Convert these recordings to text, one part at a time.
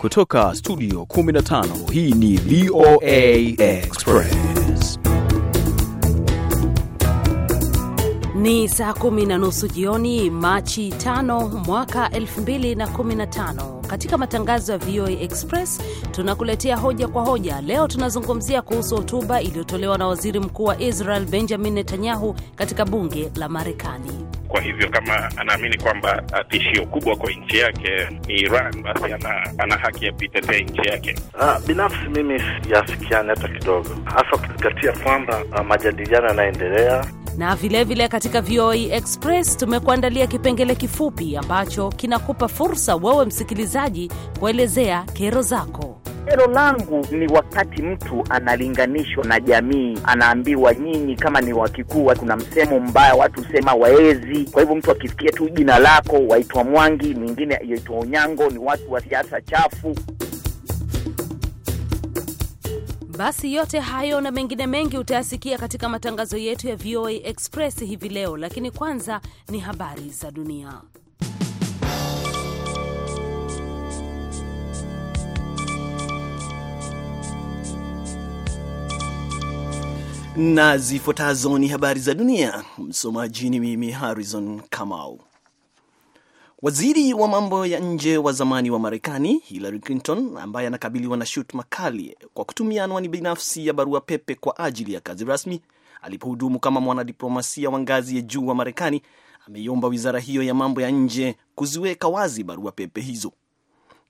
Kutoka studio 15 hii ni VOA Express. Ni saa kumi na nusu jioni Machi 5 mwaka 2015. Katika matangazo ya VOA Express tunakuletea hoja kwa hoja. Leo tunazungumzia kuhusu hotuba iliyotolewa na waziri mkuu wa Israel Benjamin Netanyahu katika bunge la Marekani. Kwa hivyo kama anaamini kwamba uh, tishio kubwa kwa nchi yake ni Iran, basi ana, ana haki ya kuitetea nchi yake. Ah, binafsi mimi siasikiani hata kidogo, hasa ukizingatia kwamba uh, majadiliano yanaendelea na vilevile vile katika VOA e Express tumekuandalia kipengele kifupi ambacho kinakupa fursa wewe msikilizaji kuelezea kero zako. Kero langu ni wakati mtu analinganishwa na jamii, anaambiwa nyinyi kama ni Wakikuwa, kuna msemo mbaya watu sema waezi. Kwa hivyo mtu akifikia tu jina lako, waitwa Mwangi, mwingine yaitwa Onyango, ni watu wa siasa chafu. Basi yote hayo na mengine mengi utayasikia katika matangazo yetu ya VOA Express hivi leo, lakini kwanza ni habari za dunia. Na zifuatazo ni habari za dunia. Msomaji ni mimi Harrison Kamau. Waziri wa mambo ya nje wa zamani wa Marekani Hillary Clinton, ambaye anakabiliwa na shutuma kali kwa kutumia anwani binafsi ya barua pepe kwa ajili ya kazi rasmi, alipohudumu kama mwanadiplomasia wa ngazi ya juu wa Marekani, ameiomba wizara hiyo ya mambo ya nje kuziweka wazi barua pepe hizo.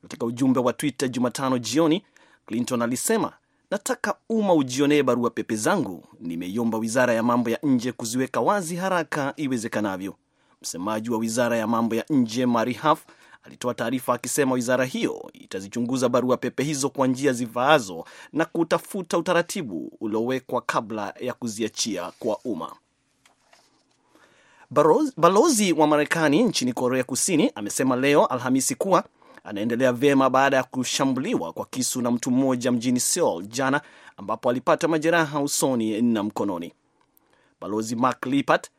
Katika ujumbe wa Twitter Jumatano jioni, Clinton alisema, nataka umma ujionee barua pepe zangu. Nimeiomba wizara ya mambo ya nje kuziweka wazi haraka iwezekanavyo. Msemaji wa wizara ya mambo ya nje Mari haf alitoa taarifa akisema wizara hiyo itazichunguza barua pepe hizo kwa njia zifaazo na kutafuta utaratibu uliowekwa kabla ya kuziachia kwa umma. Balozi wa Marekani nchini Korea Kusini amesema leo Alhamisi kuwa anaendelea vyema baada ya kushambuliwa kwa kisu na mtu mmoja mjini Seoul jana, ambapo alipata majeraha usoni na mkononi. Balozi Mark Lippert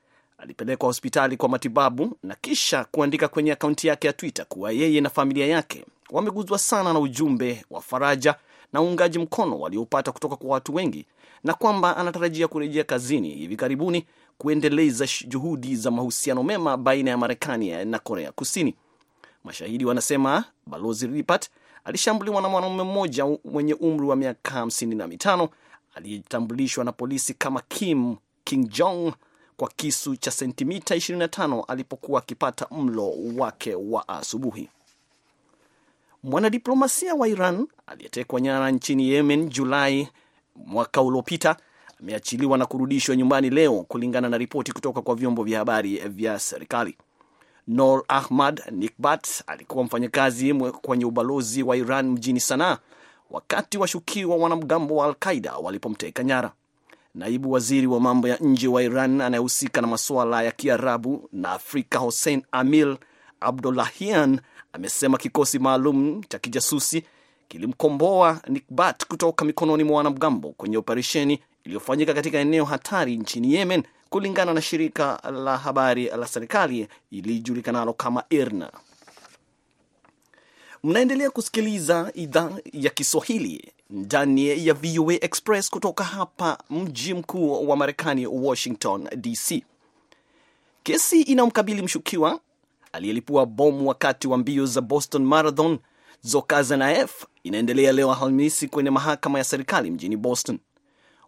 alipelekwa hospitali kwa matibabu na kisha kuandika kwenye akaunti yake ya Twitter kuwa yeye na familia yake wameguzwa sana na ujumbe wa faraja na uungaji mkono waliopata kutoka kwa watu wengi na kwamba anatarajia kurejea kazini hivi karibuni kuendeleza juhudi za mahusiano mema baina ya Marekani na Korea Kusini. Mashahidi wanasema Balozi Ripart alishambuliwa na mwanaume mmoja mwenye umri wa miaka hamsini na mitano aliyetambulishwa na polisi kama Kim King Jong kwa kisu cha sentimita 25 alipokuwa akipata mlo wake wa asubuhi. Mwanadiplomasia wa Iran aliyetekwa nyara nchini Yemen Julai mwaka uliopita ameachiliwa na kurudishwa nyumbani leo, kulingana na ripoti kutoka kwa vyombo vya habari vya serikali. nor Ahmad Nikbat alikuwa mfanyakazi kwenye ubalozi wa Iran mjini Sanaa wakati washukiwa wanamgambo wa Al Qaida walipomteka nyara. Naibu waziri wa mambo ya nje wa Iran anayehusika na masuala ya Kiarabu na Afrika, Hossein amil Abdollahian, amesema kikosi maalum cha kijasusi kilimkomboa Nikbat kutoka mikononi mwa wanamgambo kwenye operesheni iliyofanyika katika eneo hatari nchini Yemen, kulingana na shirika la habari la serikali ilijulikanalo kama IRNA. Mnaendelea kusikiliza idhaa ya Kiswahili ndani ya VOA Express kutoka hapa mji mkuu wa Marekani, Washington DC. Kesi inayomkabili mshukiwa aliyelipua bomu wakati wa mbio za Boston Marathon Zokazanaef inaendelea leo Alhamisi kwenye mahakama ya serikali mjini Boston.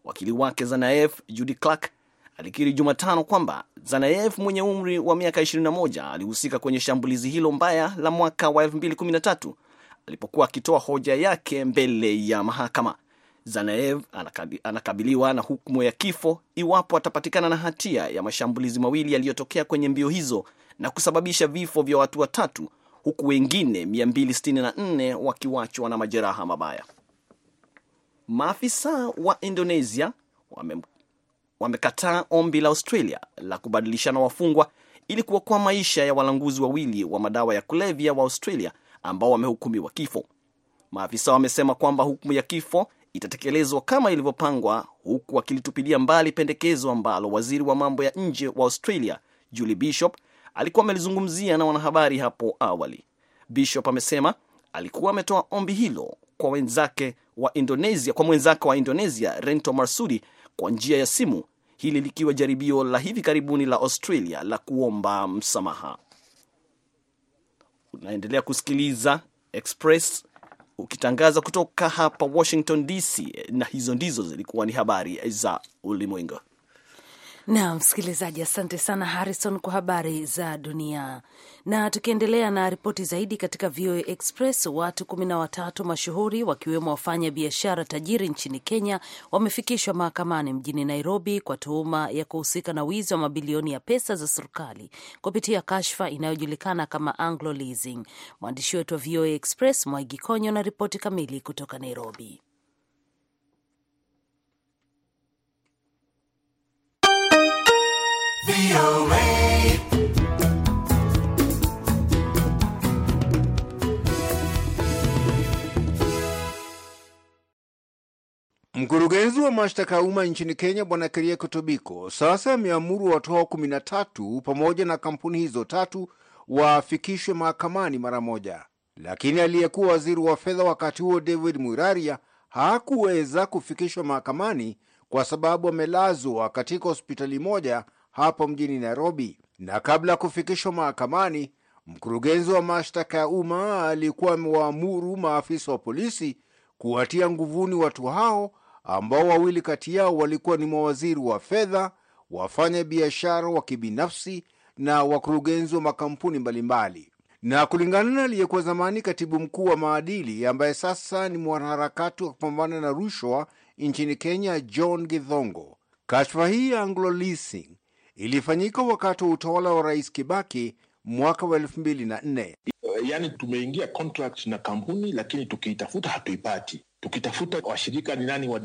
Wakili wake Zanaef, Judy Clark, alikiri Jumatano kwamba Zanaef mwenye umri wa miaka 21 alihusika kwenye shambulizi hilo mbaya la mwaka wa 2013 alipokuwa akitoa hoja yake mbele ya mahakama. Zanaev anakabiliwa na hukumu ya kifo iwapo atapatikana na hatia ya mashambulizi mawili yaliyotokea kwenye mbio hizo na kusababisha vifo vya watu watatu huku wengine 264 wakiwachwa na majeraha mabaya. Maafisa wa Indonesia wame, wamekataa ombi la Australia la kubadilishana wafungwa ili kuokoa maisha ya walanguzi wawili wa madawa ya kulevya wa Australia ambao wamehukumiwa kifo. Maafisa wamesema kwamba hukumu ya kifo itatekelezwa kama ilivyopangwa, huku akilitupilia mbali pendekezo ambalo waziri wa mambo ya nje wa Australia Julie Bishop alikuwa amelizungumzia na wanahabari hapo awali. Bishop amesema alikuwa ametoa ombi hilo kwa wenzake wa Indonesia, kwa mwenzake wa Indonesia Rento Marsudi kwa njia ya simu, hili likiwa jaribio la hivi karibuni la Australia la kuomba msamaha. Unaendelea kusikiliza Express ukitangaza kutoka hapa Washington DC, na hizo ndizo zilikuwa ni habari za ulimwengu. Na msikilizaji, asante sana Harrison kwa habari za dunia. Na tukiendelea na ripoti zaidi katika VOA Express, watu kumi na watatu mashuhuri wakiwemo wafanya biashara tajiri nchini Kenya wamefikishwa mahakamani mjini Nairobi kwa tuhuma ya kuhusika na wizi wa mabilioni ya pesa za serikali kupitia kashfa inayojulikana kama Anglo Leasing. Mwandishi wetu wa VOA Express Mwaigi Konyo na ripoti kamili kutoka Nairobi. Mkurugenzi wa mashtaka ya umma nchini Kenya Bwana kerieko Tobiko sasa ameamuru watu hao kumi na tatu pamoja na kampuni hizo tatu waafikishwe mahakamani mara moja, lakini aliyekuwa waziri wa fedha wakati huo David muiraria hakuweza kufikishwa mahakamani kwa sababu amelazwa katika hospitali moja hapo mjini Nairobi, na kabla ya kufikishwa mahakamani, mkurugenzi wa mashtaka ya umma alikuwa amewaamuru maafisa wa polisi kuwatia nguvuni watu hao ambao wawili kati yao walikuwa ni mawaziri wa fedha, wafanya biashara wa kibinafsi na wakurugenzi wa makampuni mbalimbali. Na kulingana na aliyekuwa zamani katibu mkuu wa maadili ambaye sasa ni mwanaharakati wa kupambana na rushwa nchini Kenya, John Githongo, kashfa hii ya Anglo Leasing ilifanyika wakati wa utawala wa Rais Kibaki mwaka wa elfu mbili na nne. Eh, yani tumeingia contract na kampuni lakini tukiitafuta hatuipati tukitafuta washirika ni nani wa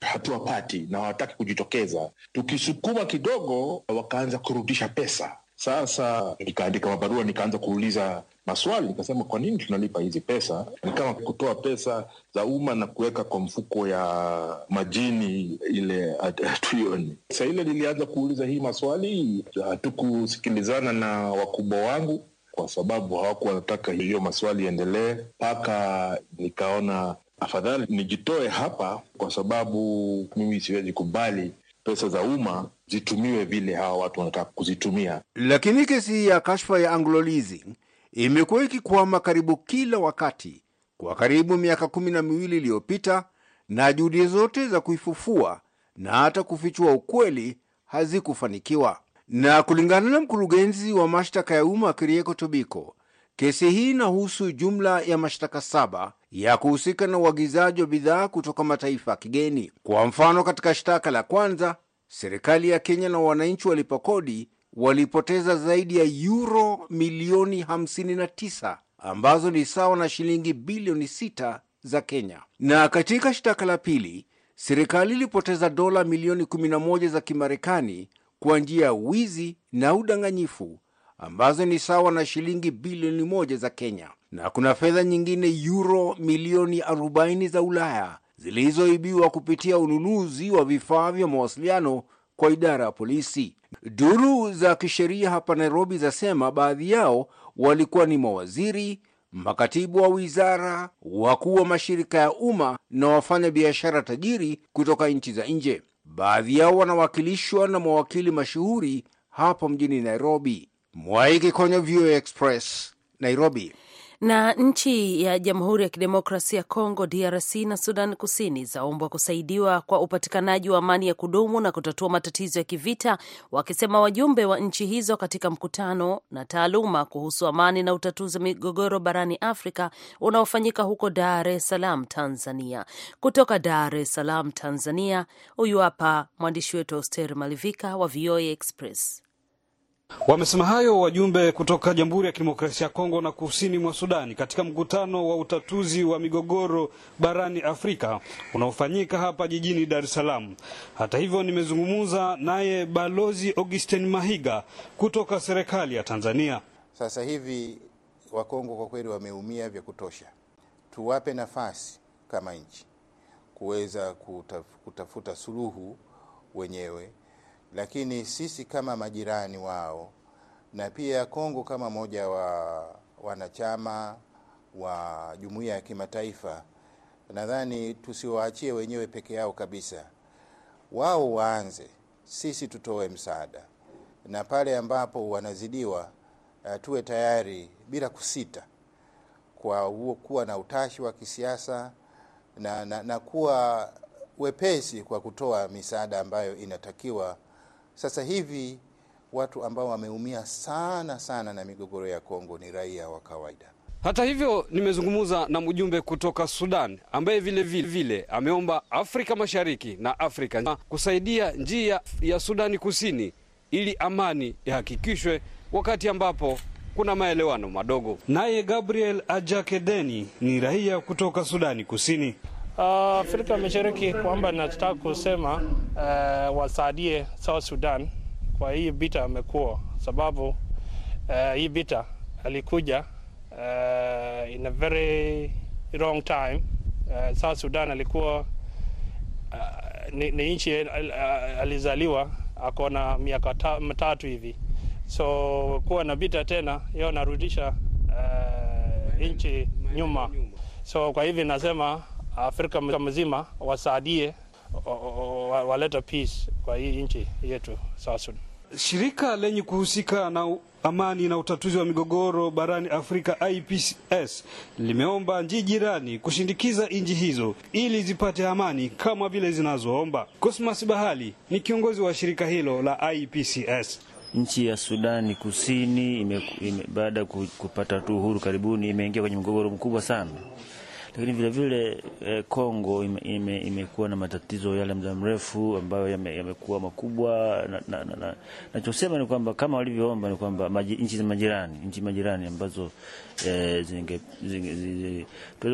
hatuwapati na hawataki kujitokeza. Tukisukuma kidogo, wakaanza kurudisha pesa. Sasa nikaandika mabarua, nikaanza kuuliza maswali, nikasema kwa nini tunalipa hizi pesa? Ni kama kutoa pesa za umma na kuweka kwa mfuko ya majini ile hatuioni. sa ile nilianza kuuliza hii maswali, hatukusikilizana na wakubwa wangu kwa sababu hawakuwa wanataka hiyo maswali yaendelee, mpaka nikaona afadhali nijitoe hapa, kwa sababu mimi siwezi kubali pesa za umma zitumiwe vile hawa watu wanataka kuzitumia. Lakini kesi ya kashfa ya Anglolizi imekuwa ikikwama karibu kila wakati kwa karibu miaka kumi na miwili iliyopita, na juhudi zote za kuifufua na hata kufichua ukweli hazikufanikiwa. Na kulingana na mkurugenzi wa mashtaka ya umma Kirieko Tobiko, kesi hii inahusu jumla ya mashtaka saba ya kuhusika na uagizaji wa bidhaa kutoka mataifa ya kigeni. Kwa mfano, katika shtaka la kwanza, serikali ya Kenya na wananchi walipa kodi walipoteza zaidi ya yuro milioni 59 ambazo ni sawa na shilingi bilioni 6 za Kenya. Na katika shtaka la pili, serikali ilipoteza dola milioni 11 za Kimarekani kwa njia ya wizi na udanganyifu ambazo ni sawa na shilingi bilioni moja za Kenya, na kuna fedha nyingine yuro milioni 40 za Ulaya zilizoibiwa kupitia ununuzi wa vifaa vya mawasiliano kwa idara ya polisi. Duru za kisheria hapa Nairobi zasema baadhi yao walikuwa ni mawaziri, makatibu wa wizara, wakuu wa mashirika ya umma na wafanya biashara tajiri kutoka nchi za nje. Baadhi yao wanawakilishwa na mawakili mashuhuri hapa mjini Nairobi. Mwaiki kwenye VOA Express, Nairobi. Na nchi ya Jamhuri ya Kidemokrasia ya Kongo, DRC, na Sudan Kusini zaombwa kusaidiwa kwa upatikanaji wa amani ya kudumu na kutatua matatizo ya kivita, wakisema wajumbe wa nchi hizo katika mkutano na taaluma kuhusu amani na utatuzi wa migogoro barani Afrika unaofanyika huko Dar es Salaam, Tanzania. Kutoka Dar es Salaam, Tanzania, huyu hapa mwandishi wetu Auster Malivika wa VOA Express. Wamesema hayo wajumbe kutoka Jamhuri ya Kidemokrasia ya Kongo na kusini mwa Sudani katika mkutano wa utatuzi wa migogoro barani Afrika unaofanyika hapa jijini Dar es Salaam. Hata hivyo, nimezungumza naye Balozi Augustin Mahiga kutoka serikali ya Tanzania. Sasa hivi Wakongo kwa kweli wameumia vya kutosha, tuwape nafasi kama nchi kuweza kutafuta suluhu wenyewe lakini sisi kama majirani wao na pia Kongo kama moja wa wanachama wa jumuiya ya kimataifa, nadhani tusiwaachie wenyewe peke yao kabisa. Wao waanze, sisi tutoe msaada, na pale ambapo wanazidiwa eh, tuwe tayari bila kusita kwa huo kuwa na utashi wa kisiasa na, na, na kuwa wepesi kwa kutoa misaada ambayo inatakiwa. Sasa hivi watu ambao wameumia sana sana na migogoro ya Kongo ni raia wa kawaida. Hata hivyo, nimezungumza na mjumbe kutoka Sudan ambaye vile vile, vile ameomba Afrika Mashariki na Afrika kusaidia njia ya Sudani Kusini ili amani ihakikishwe wakati ambapo kuna maelewano madogo. Naye Gabriel Ajakedeni ni raia kutoka Sudani Kusini. Ah, Afrika Mashariki kwamba nataka kusema uh, wasaidie South Sudan kwa hii vita amekuwa sababu uh, hii vita alikuja uh, in a very wrong time uh, South Sudan alikuwa uh, ni, ni nchi uh, alizaliwa ako na miaka mitatu hivi, so kuwa na vita tena hiyo narudisha uh, nchi nyuma, so kwa hivi nasema Afrika mzima wasaidie, waleta peace kwa hii nchi yetu South Shirika lenye kuhusika na amani na utatuzi wa migogoro barani Afrika IPCS limeomba nchi jirani kushindikiza nchi hizo ili zipate amani kama vile zinazoomba. Cosmas Bahali ni kiongozi wa shirika hilo la IPCS. Nchi ya Sudani Kusini ime, ime, baada ya kupata tu uhuru karibuni imeingia kwenye mgogoro mkubwa sana lakini vilevile eh, Kongo ime, imekuwa na matatizo yale muda mrefu ambayo yamekuwa yame makubwa. Nachosema na, na, na ni kwamba kama walivyoomba ni kwamba nchi za majirani nchi majirani ambazo eh, zinge, zinge, zinge,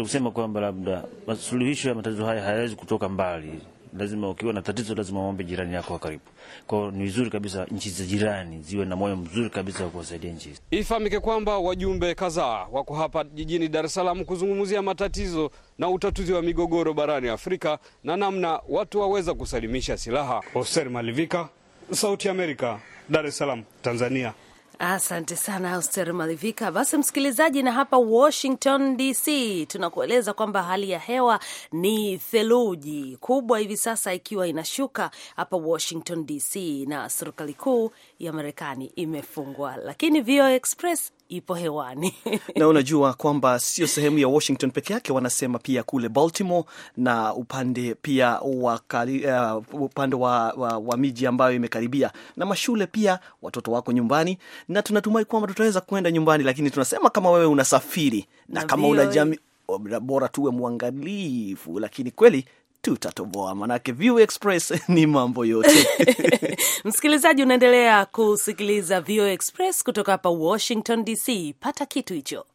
kusema kwamba labda masuluhisho ya matatizo haya hayawezi kutoka mbali lazima ukiwa na tatizo lazima uombe jirani yako wa karibu. Kwao ni vizuri kabisa nchi za jirani ziwe na moyo mzuri kabisa wa kuwasaidia nchi hizi. Ifahamike kwamba wajumbe kadhaa wako hapa jijini Dar es Salaam kuzungumzia matatizo na utatuzi wa migogoro barani Afrika na namna watu waweza kusalimisha silaha. Hussein Malivika, Sauti ya Amerika, Dar es Salaam, Tanzania. Asante sana Auster Malivika. Basi msikilizaji, na hapa Washington DC tunakueleza kwamba hali ya hewa ni theluji kubwa hivi sasa ikiwa inashuka hapa Washington DC, na serikali kuu ya Marekani imefungwa, lakini VOA Express ipo hewani na unajua kwamba sio sehemu ya Washington peke yake, wanasema pia kule Baltimore na upande pia wakali, uh, upande wa, wa, wa miji ambayo imekaribia na mashule pia. Watoto wako nyumbani, na tunatumai kwamba tutaweza kuenda nyumbani, lakini tunasema kama wewe unasafiri na, na kama una e. jamii bora tuwe mwangalifu, lakini kweli tutatoboa, manake VOA Express ni mambo yote. Msikilizaji, unaendelea kusikiliza VOA Express kutoka hapa Washington DC. Pata kitu hicho.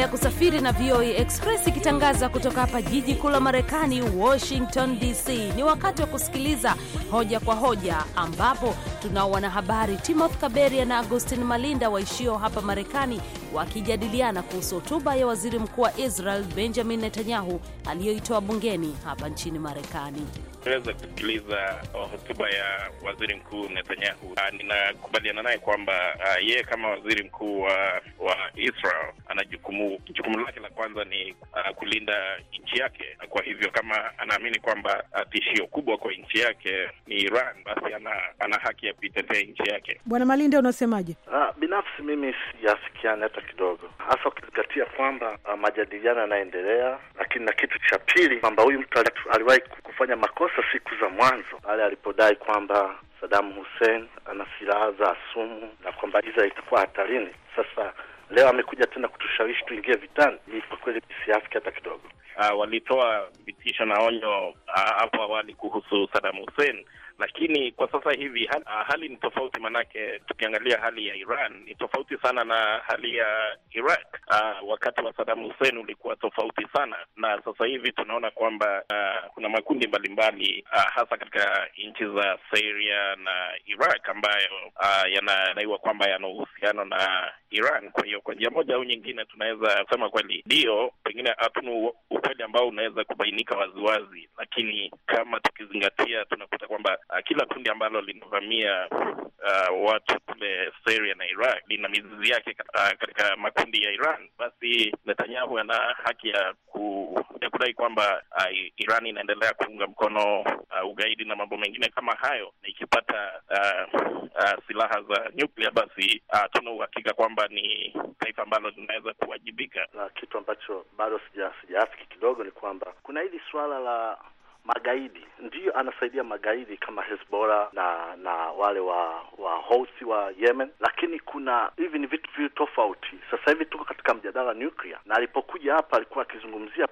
Unaendelea kusafiri na VOA e Express ikitangaza kutoka hapa jiji kuu la Marekani, Washington DC. Ni wakati wa kusikiliza hoja kwa hoja, ambapo tunao wanahabari Timothy Kaberia na Agustin Malinda waishio hapa Marekani wakijadiliana kuhusu hotuba ya waziri mkuu wa Israel Benjamin Netanyahu aliyoitoa bungeni hapa nchini Marekani. Nimeweza kusikiliza uh, hotuba ya waziri mkuu Netanyahu. Uh, ninakubaliana naye kwamba uh, yeye kama waziri mkuu wa, wa Israel ana jukumu jukumu lake la kwanza ni a, kulinda nchi yake. Kwa hivyo kama anaamini kwamba tishio kubwa kwa nchi yake ni Iran, basi ana, ana haki ya kuitetea nchi yake. Bwana Malinde, unasemaje? Ah, binafsi mimi siyasikiani hata kidogo, hasa ukizingatia kwamba majadiliano yanaendelea, lakini na kitu cha pili kwamba huyu mtu aliwahi kufanya makosa sasa siku za mwanzo pale alipodai kwamba Saddam Hussein ana silaha za sumu na kwamba iza itakuwa hatarini. Sasa leo amekuja tena kutushawishi tuingie vitani. ni kwa kweli siafiki hata kidogo uh, walitoa vitisho na onyo ah, hapo uh, awali kuhusu Saddam Hussein, lakini kwa sasa hivi hali, uh, ah, hali ni tofauti, manake tukiangalia hali ya Iran ni tofauti sana na hali ya Iraq. Uh, wakati wa Saddam Hussein ulikuwa tofauti sana na sasa hivi tunaona kwamba uh, kuna makundi mbalimbali uh, hasa katika nchi za Syria na Iraq ambayo uh, yanadaiwa kwamba yana uhusiano na Iran. Kwa hiyo kwa njia moja au nyingine tunaweza sema kweli ndio, pengine hatuna ukweli ambao unaweza kubainika waziwazi, lakini kama tukizingatia, tunakuta kwamba uh, kila kundi ambalo linavamia uh, watu kule Syria na Iraq lina mizizi yake ah, katika makundi ya Iran. Basi Netanyahu ana haki ya ku, ya kudai kwamba uh, Iran inaendelea kuunga mkono uh, ugaidi na mambo mengine kama hayo, na ikipata uh, uh, silaha za nyuklia, basi uh, tuna uhakika kwamba ni taifa ambalo linaweza kuwajibika na kitu ambacho bado sijasikia kidogo ni kwamba kuna hili suala la magaidi, ndiyo anasaidia magaidi kama hezbola na na wale wa wa hosi wa Yemen, lakini kuna hivi ni vitu vili tofauti. Sasa hivi tuko katika mjadala nuklia na alipokuja hapa alikuwa akizungumzia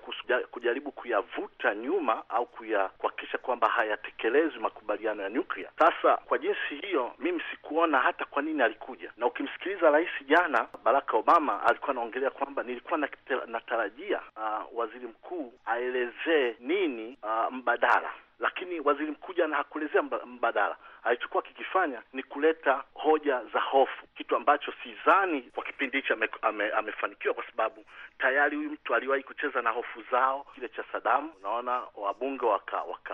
kujaribu kuyavuta nyuma au kuhakikisha kwamba hayatekelezwi makubaliano ya nuklia Sasa kwa jinsi hiyo, mimi sikuona hata kwa nini alikuja, na ukimsikiliza rais jana baraka Obama alikuwa anaongelea kwamba nilikuwa natarajia uh, waziri mkuu aelezee nini uh, mbadala lakini waziri mkuu jana hakuelezea mbadala. Alichokuwa kikifanya ni kuleta hoja za hofu, kitu ambacho sidhani kwa kipindi hichi ame, ame, amefanikiwa, kwa sababu tayari huyu mtu aliwahi kucheza na hofu zao, kile cha Sadamu. Unaona, wabunge wakahemuka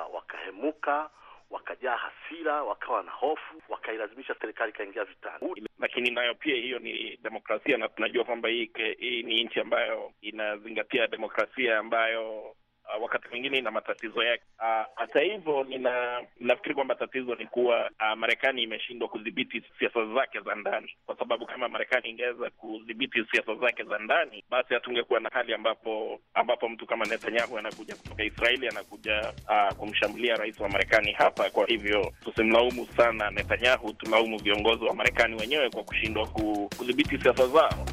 waka, waka wakajaa hasira, wakawa na hofu, wakailazimisha serikali ikaingia vitani. Lakini nayo pia hiyo ni demokrasia, na tunajua kwamba hii, hii ni nchi ambayo inazingatia demokrasia ambayo Uh, wakati mwingine ina matatizo yake. Uh, hata uh, hivyo nina nafikiri kwamba tatizo ni kuwa uh, Marekani imeshindwa kudhibiti siasa zake za ndani, kwa sababu kama Marekani ingeweza kudhibiti siasa zake za ndani, basi hatungekuwa na hali ambapo ambapo mtu kama Netanyahu anakuja kutoka Israeli anakuja uh, kumshambulia rais wa Marekani hapa. Kwa hivyo tusimlaumu sana Netanyahu, tulaumu viongozi wa Marekani wenyewe kwa kushindwa kudhibiti siasa zao.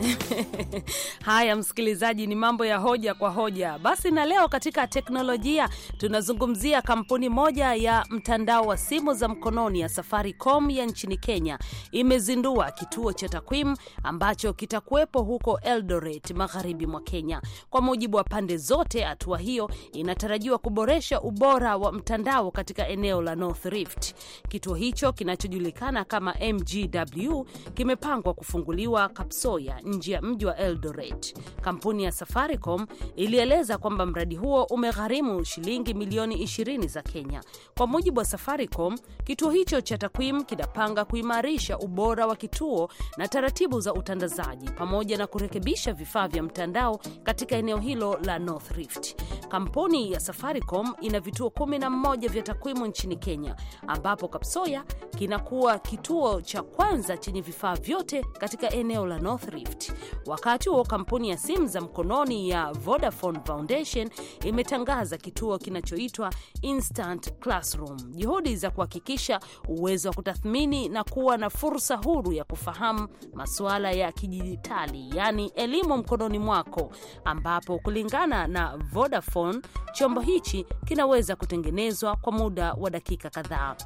Haya msikilizaji, ni mambo ya hoja kwa hoja. Basi na leo katika teknolojia tunazungumzia kampuni moja ya mtandao wa simu za mkononi ya Safaricom ya nchini Kenya imezindua kituo cha takwimu ambacho kitakuwepo huko Eldoret, magharibi mwa Kenya. Kwa mujibu wa pande zote, hatua hiyo inatarajiwa kuboresha ubora wa mtandao katika eneo la North Rift. Kituo hicho kinachojulikana kama MGW kimepangwa kufunguliwa Kapsoya nje ya mji wa Eldoret. Kampuni ya Safaricom ilieleza kwamba mradi huo umegharimu shilingi milioni 20 za Kenya. Kwa mujibu wa Safaricom, kituo hicho cha takwimu kinapanga kuimarisha ubora wa kituo na taratibu za utandazaji pamoja na kurekebisha vifaa vya mtandao katika eneo hilo la North Rift. Kampuni ya Safaricom ina vituo 11 vya takwimu nchini Kenya ambapo Kapsoya kinakuwa kituo cha kwanza chenye vifaa vyote katika eneo la North Rift. Swift. Wakati huo kampuni ya simu za mkononi ya Vodafone Foundation imetangaza kituo kinachoitwa Instant Classroom, juhudi za kuhakikisha uwezo wa kutathmini na kuwa na fursa huru ya kufahamu masuala ya kidijitali, yaani elimu mkononi mwako, ambapo kulingana na Vodafone chombo hichi kinaweza kutengenezwa kwa muda wa dakika kadhaa.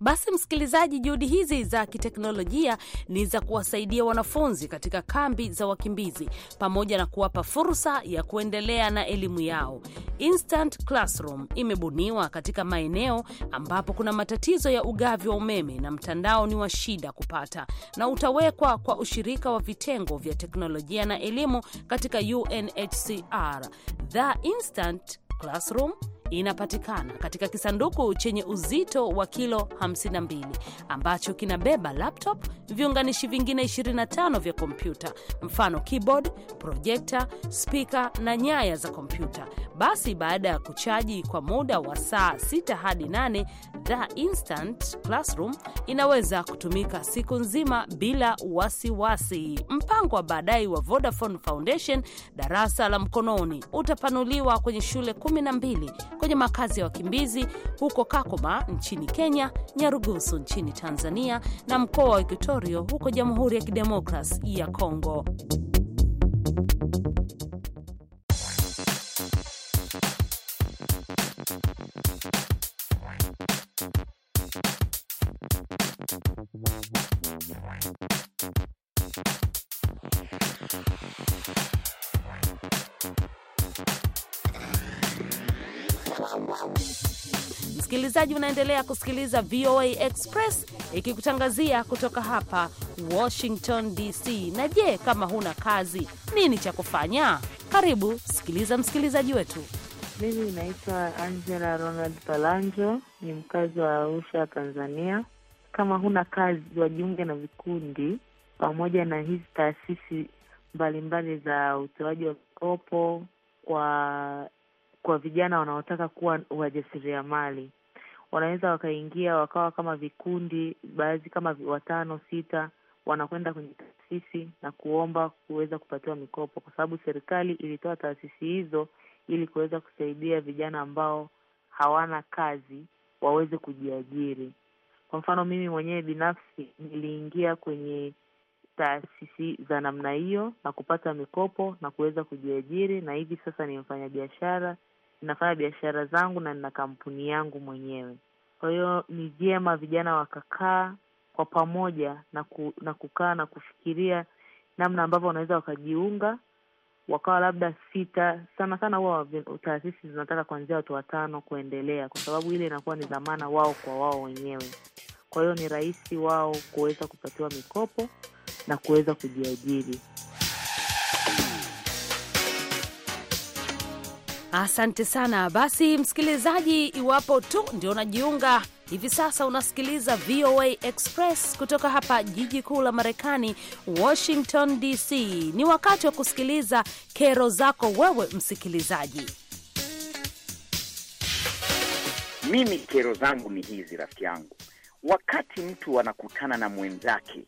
Basi msikilizaji, juhudi hizi za kiteknolojia ni za kuwasaidia wanafunzi katika kambi za wakimbizi pamoja na kuwapa fursa ya kuendelea na elimu yao. Instant Classroom imebuniwa katika maeneo ambapo kuna matatizo ya ugavi wa umeme na mtandao ni wa shida kupata, na utawekwa kwa ushirika wa vitengo vya teknolojia na elimu katika UNHCR. The Instant Classroom inapatikana katika kisanduku chenye uzito wa kilo 52 ambacho kinabeba laptop, viunganishi vingine 25 vya kompyuta, mfano keyboard, projekta, spika na nyaya za kompyuta. Basi baada ya kuchaji kwa muda wa saa 6 hadi 8, The Instant Classroom inaweza kutumika siku nzima bila wasiwasi. Mpango wa baadaye wa Vodafone Foundation, darasa la mkononi, utapanuliwa kwenye shule 12 kwenye makazi ya wakimbizi huko Kakuma nchini Kenya, Nyarugusu nchini Tanzania na mkoa wa Equatorio huko Jamhuri ya Kidemokrasi ya Kongo. Msikilizaji, unaendelea kusikiliza VOA Express ikikutangazia kutoka hapa Washington DC. Na je, kama huna kazi, nini cha kufanya? Karibu sikiliza msikilizaji wetu. Mimi naitwa Angela Ronald Palanjo, ni mkazi wa Arusha, Tanzania. Kama huna kazi, wajiunge na vikundi pamoja na hizi taasisi mbalimbali za utoaji wa mikopo kwa kwa vijana wanaotaka kuwa wajasiriamali wanaweza wakaingia wakawa kama vikundi, baadhi kama watano sita, wanakwenda kwenye taasisi na kuomba kuweza kupatiwa mikopo, kwa sababu serikali ilitoa taasisi hizo ili kuweza kusaidia vijana ambao hawana kazi waweze kujiajiri. Kwa mfano, mimi mwenyewe binafsi niliingia kwenye taasisi za namna hiyo na kupata mikopo na kuweza kujiajiri, na hivi sasa ni mfanyabiashara nafanya biashara zangu na nina kampuni yangu mwenyewe. Kwa hiyo ni vyema vijana wakakaa kwa pamoja na, ku, na kukaa na kufikiria namna ambavyo wanaweza wakajiunga wakawa labda sita. Sana sana huwa taasisi zinataka kuanzia watu watano kuendelea, kwa sababu ile inakuwa ni dhamana wao kwa wao wenyewe. Kwa hiyo ni rahisi wao kuweza kupatiwa mikopo na kuweza kujiajiri. Asante sana. Basi msikilizaji, iwapo tu ndio unajiunga hivi sasa, unasikiliza VOA Express kutoka hapa jiji kuu la Marekani, Washington DC. Ni wakati wa kusikiliza kero zako wewe msikilizaji. Mimi kero zangu ni hizi, rafiki yangu, wakati mtu anakutana na mwenzake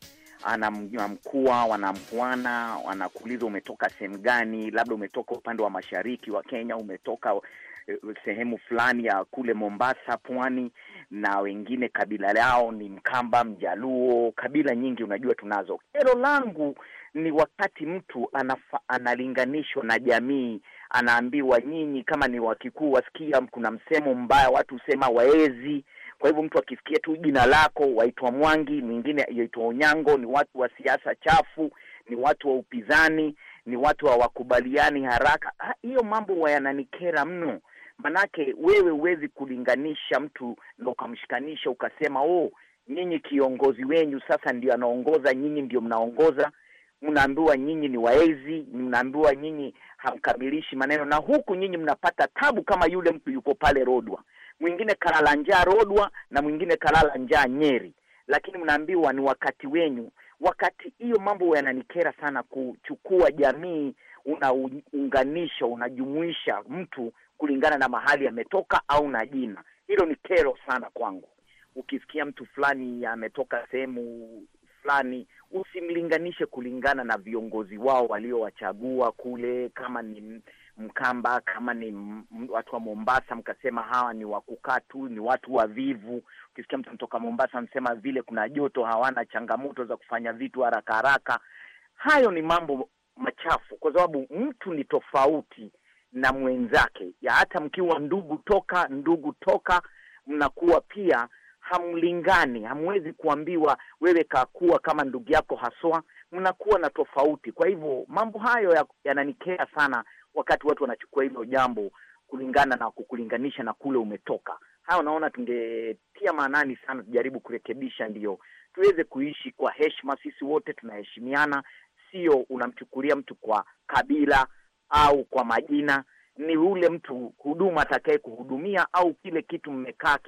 anamkua, wanamkuana, wanakuuliza umetoka sehemu gani, labda umetoka upande wa mashariki wa Kenya, umetoka eh, sehemu fulani ya kule Mombasa, pwani, na wengine kabila lao ni Mkamba, Mjaluo, kabila nyingi unajua tunazo. Kero langu ni wakati mtu anafa, analinganishwa na jamii, anaambiwa nyinyi kama ni Wakikuu wasikia kuna msemo mbaya, watu husema waezi kwa hivyo mtu akisikia tu jina lako, waitwa Mwangi, mwingine yaitwa unyango ni watu wa siasa chafu, ni watu wa upizani ni watu hawakubaliani haraka. Ah, hiyo mambo yananikera mno, manake wewe huwezi kulinganisha mtu na ukamshikanisha ukasema oh, nyinyi kiongozi wenyu sasa ndio anaongoza, nyinyi ndio mnaongoza mnaambiwa nyinyi ni waezi, mnaambiwa nyinyi hamkamilishi maneno, na huku nyinyi mnapata tabu kama yule mtu yuko pale Rodwa mwingine kalala njaa Rodwa na mwingine kalala njaa Nyeri, lakini mnaambiwa ni wakati wenyu. Wakati hiyo mambo yananikera sana, kuchukua jamii unaunganisha, unajumuisha mtu kulingana na mahali ametoka au na jina. Hilo ni kero sana kwangu. Ukisikia mtu fulani ametoka sehemu fulani usimlinganishe kulingana na viongozi wao waliowachagua kule, kama ni Mkamba, kama ni watu wa Mombasa mkasema hawa ni wakukaa tu, ni watu wavivu. Ukisikia mtu mtoka Mombasa msema vile kuna joto, hawana changamoto za kufanya vitu haraka haraka. Hayo ni mambo machafu, kwa sababu mtu ni tofauti na mwenzake ya hata mkiwa ndugu toka ndugu toka, mnakuwa pia hamlingani, hamwezi kuambiwa wewe kakuwa kama ndugu yako haswa, mnakuwa na tofauti. Kwa hivyo mambo hayo yananikea ya sana wakati watu wanachukua hilo jambo kulingana na kukulinganisha na kule umetoka. haya unaona tungetia maanani sana, tujaribu kurekebisha, ndio tuweze kuishi kwa heshima. Sisi wote tunaheshimiana, sio unamchukulia mtu kwa kabila au kwa majina. Ni ule mtu huduma atakaye kuhudumia au kile kitu mmekaa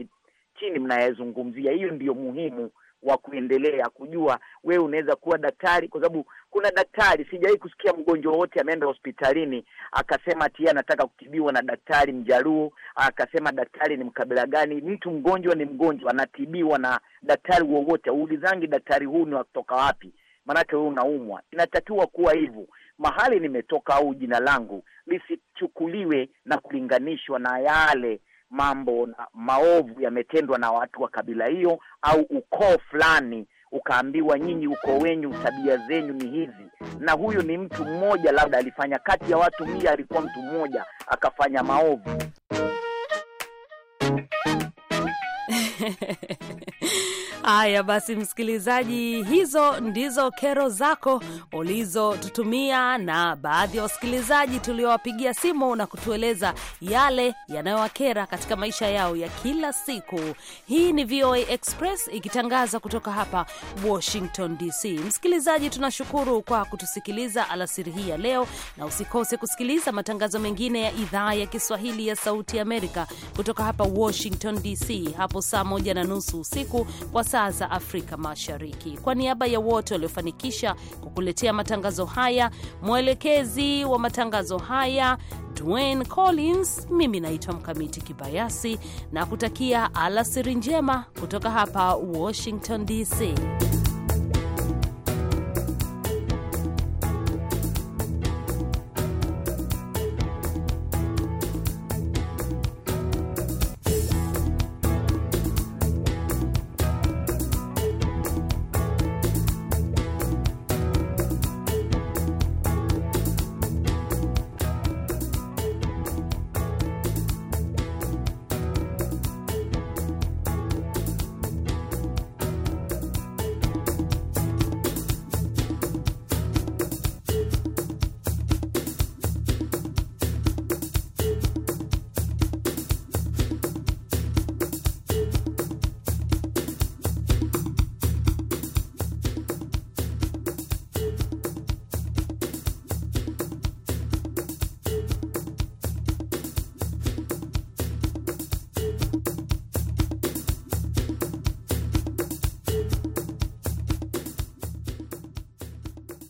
chini mnayezungumzia, hiyo ndiyo muhimu wa kuendelea kujua wewe unaweza kuwa daktari, kwa sababu kuna daktari. Sijawahi kusikia mgonjwa wote ameenda hospitalini akasema ati anataka kutibiwa na daktari Mjaruo, akasema daktari ni mkabila gani. Mtu mgonjwa ni mgonjwa, anatibiwa na daktari wowote. Uulizangi daktari huu ni wakutoka wapi, maanake wewe unaumwa. Inatakiwa kuwa hivyo, mahali nimetoka au jina langu lisichukuliwe na kulinganishwa na yale mambo na maovu yametendwa na watu wa kabila hiyo au ukoo fulani, ukaambiwa nyinyi ukoo wenyu tabia zenyu ni hizi, na huyu ni mtu mmoja, labda alifanya kati ya watu mia, alikuwa mtu mmoja akafanya maovu Haya basi, msikilizaji, hizo ndizo kero zako ulizotutumia na baadhi ya wasikilizaji tuliowapigia simu na kutueleza yale yanayowakera katika maisha yao ya kila siku. Hii ni VOA Express ikitangaza kutoka hapa Washington DC. Msikilizaji, tunashukuru kwa kutusikiliza alasiri hii ya leo, na usikose kusikiliza matangazo mengine ya idhaa ya Kiswahili ya Sauti Amerika kutoka hapa Washington DC hapo saa moja na nusu usiku kwa saa saa za Afrika Mashariki. Kwa niaba ya wote waliofanikisha kukuletea matangazo haya, mwelekezi wa matangazo haya Dwayne Collins, mimi naitwa Mkamiti Kibayasi na kutakia alasiri njema kutoka hapa Washington DC.